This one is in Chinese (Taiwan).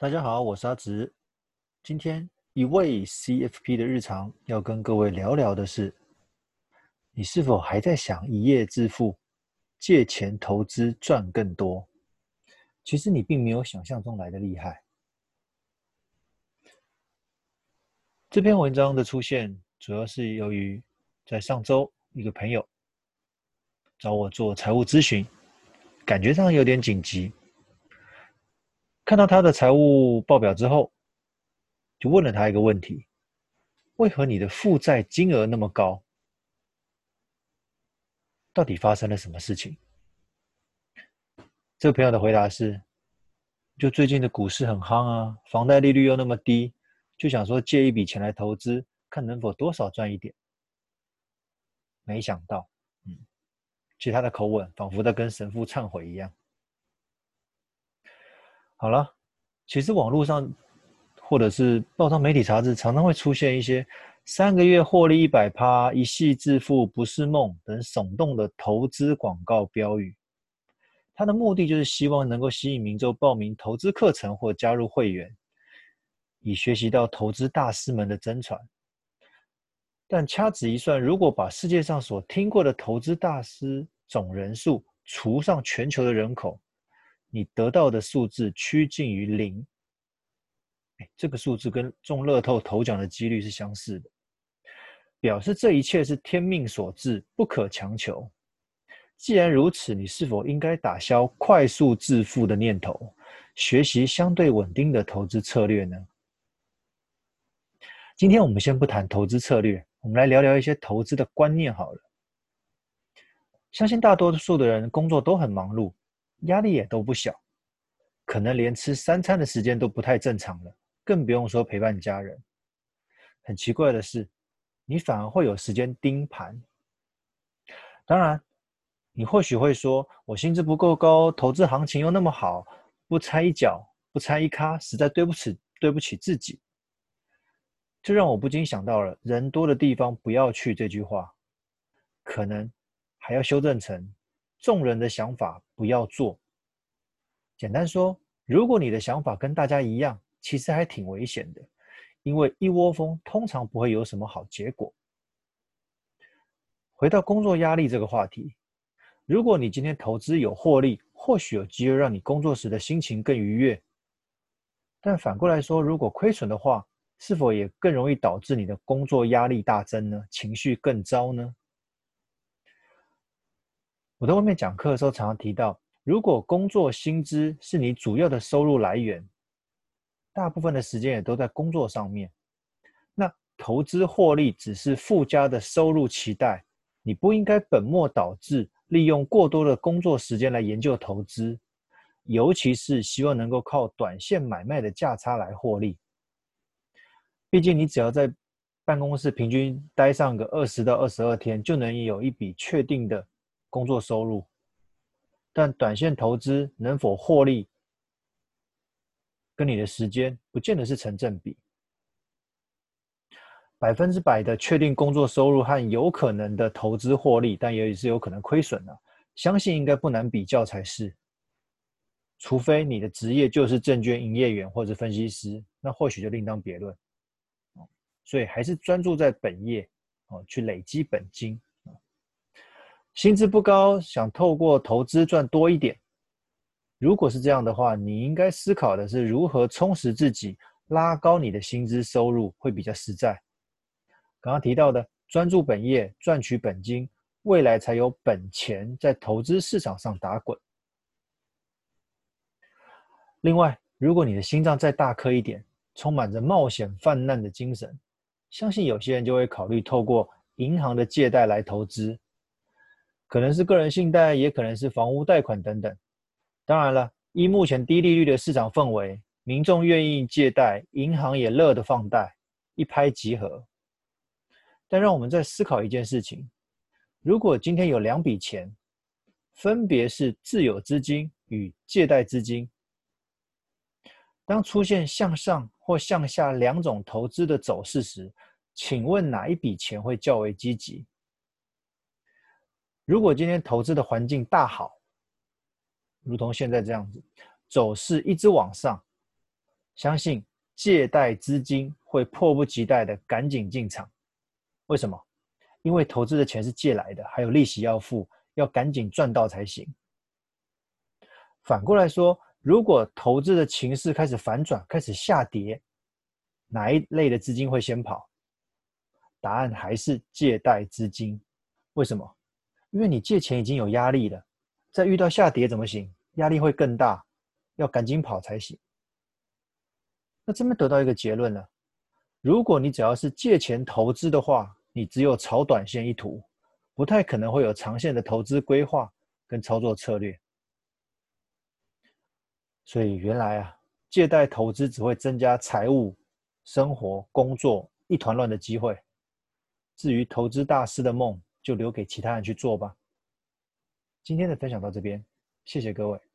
大家好，我是阿直。今天一位 CFP 的日常要跟各位聊聊的是，你是否還在想一夜致富、借錢投資賺更多？其實你並沒有想象中來的厲害。這篇文章的出現，主要是由於在上周一個朋友找我做財務諮詢，感覺上有點緊急。看到他的財務報表之後，就問了他一個問題：為何你的負債金額那麼高？到底發生了什麼事情？這個朋友的回答是：就最近的股市很夯啊，房貸利率又那麼低，就想說借一筆錢來投資，看能否多少賺一點。沒想到，嗯，其他的口吻仿佛在跟神父懺悔一樣。好了，其實網絡上，或者是報章媒體雜誌，常常會出現一些“三個月獲利一百趴，一夕致富不是夢”等聳動的投資廣告標語。它的目的就是希望能夠吸引民眾報名投資課程或加入會員，以學習到投資大師們的真傳。但掐指一算，如果把世界上所聽過的投資大師總人數除上全球的人口，你得到的數字趨近於零，這個數字跟中樂透頭獎的幾率是相似的，表示這一切是天命所致，不可強求。既然如此，你是否應該打消快速致富的念頭，學習相對穩定的投資策略呢？今天我們先不談投資策略，我們來聊聊一些投資的觀念好了。相信大多數的人工作都很忙碌。壓力也都不小，可能連吃三餐的時間都不太正常了，更不用說陪伴家人。很奇怪的是，你反而會有時間盯盤。當然，你或許會說，我薪資不夠高，投資行情又那麼好，不插一腳，不插一咖，實在對不起，對不起自己。這讓我不禁想到了“人多的地方不要去”這句話，可能還要修正成。眾人的想法不要做。簡單說，如果你的想法跟大家一樣，其實還挺危險的，因為一窩蜂通常不會有什麼好結果。回到工作壓力這個話題，如果你今天投資有獲利，或許有機會讓你工作時的心情更愉悅。但反過來說，如果虧損的話，是否也更容易導致你的工作壓力大增呢？情緒更糟呢？我在外面講課的時候，常常提到，如果工作薪資是你主要的收入來源，大部分的時間也都在工作上面，那投資獲利只是附加的收入期待。你不應該本末倒置，利用過多的工作時間來研究投資，尤其是希望能夠靠短線買賣的價差來獲利。畢竟你只要在辦公室平均待上個二十到二十二天，就能有一筆確定的。工作收入，但短線投資能否獲利，跟你的時間不見得是成正比。百分之百的確定工作收入和有可能的投資獲利，但也是有可能虧損的啊。相信應該不難比較才是，除非你的職業就是證券營業員或者分析師，那或許就另當別論。哦，所以還是專注在本業哦，去累積本金。薪資不高，想透過投資賺多一點。如果是這樣的話，你應該思考的是如何充實自己，拉高你的薪資收入會比較實在。剛剛提到的，專注本業賺取本金，未來才有本錢在投資市場上打滾。另外，如果你的心臟再大顆一點，充滿着冒險犯難的精神，相信有些人就會考慮透過銀行的借貸來投資。可能是個人信貸，也可能是房屋貸款等等。當然了，依目前低利率的市場氛圍，民眾願意借貸，銀行也樂得放貸，一拍即合。但讓我們再思考一件事情：如果今天有兩筆錢，分別是自有資金與借貸資金，當出現向上或向下兩種投資的走勢時，請問哪一筆錢會較為積極？如果今天投資的環境大好，如同現在這樣子，走勢一直往上，相信借貸資金會迫不及待的趕緊進場。為什麼？因為投資的錢是借來的，還有利息要付，要趕緊賺到才行。反過來說，如果投資的情勢開始反轉，開始下跌，哪一類的資金會先跑？答案還是借貸資金。為什麼？因為你借錢已經有壓力了，再遇到下跌怎麼行？壓力會更大，要趕緊跑才行。那這邊得到一個結論了：如果你只要是借錢投資的話，你只有炒短線一途，不太可能會有長線的投資規劃跟操作策略。所以原來啊，借貸投資只會增加財務、生活、工作一團亂的機會。至於投資大師的夢。就留給其他人去做吧。今天的分享到這邊，謝謝各位。